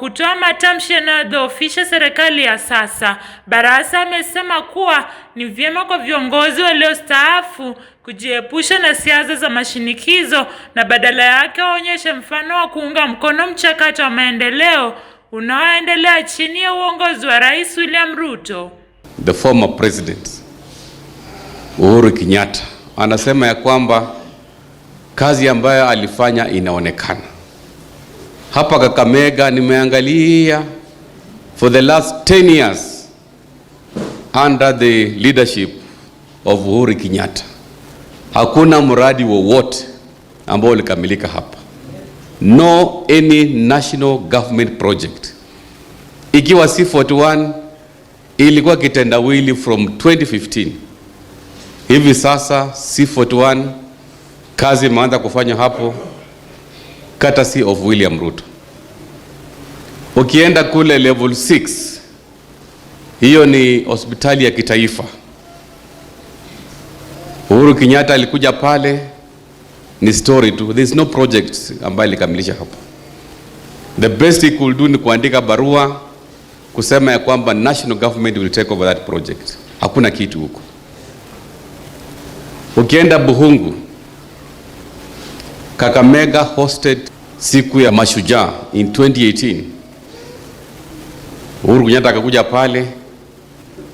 kutoa matamshi yanayodhoofisha serikali ya sasa. Barasa amesema kuwa ni vyema kwa viongozi waliostaafu kujiepusha na siasa za mashinikizo na badala yake waonyeshe mfano wa kuunga mkono mchakato wa maendeleo unaoendelea chini ya uongozi wa Rais William Ruto. The former president Uhuru Kenyatta anasema ya kwamba kazi ambayo alifanya inaonekana hapa Kakamega nimeangalia for the last 10 years under the leadership of Uhuru Kenyatta, hakuna mradi wowote ambao ulikamilika hapa, no any national government project. Ikiwa C41 ilikuwa kitendawili from 2015, hivi sasa C41 kazi imeanza kufanywa hapo courtesy of William Ruto. Ukienda kule level 6 hiyo ni hospitali ya kitaifa. Uhuru Kenyatta alikuja pale, ni story tu, there is no project ambayo ilikamilisha hapo. The best he could do ni kuandika barua kusema ya kwamba national government will take over that project. Hakuna kitu huko. Ukienda Buhungu Kakamega hosted siku ya mashujaa in 2018. Uhuru Kenyatta akakuja pale,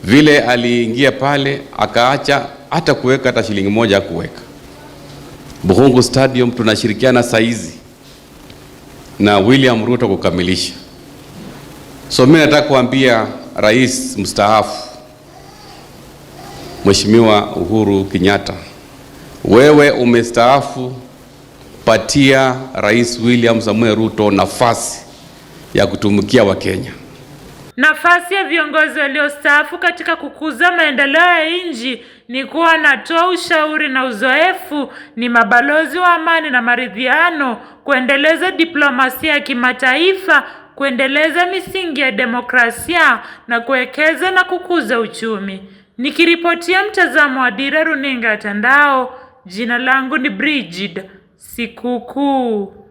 vile aliingia pale akaacha hata kuweka hata shilingi moja kuweka Buhungu Stadium. Tunashirikiana saizi na William Ruto kukamilisha. So mimi nataka kuambia rais mstaafu Mheshimiwa Uhuru Kenyatta, wewe umestaafu kupatia Rais William Samuel Ruto nafasi ya kutumikia Wakenya. Nafasi ya viongozi waliostaafu katika kukuza maendeleo ya nchi ni kuwa wanatoa ushauri na uzoefu, ni mabalozi wa amani na maridhiano, kuendeleza diplomasia ya kimataifa, kuendeleza misingi ya demokrasia na kuwekeza na kukuza uchumi. Nikiripotia mtazamo wa Dira Runinga Tandao, jina langu ni Brigid Sicucu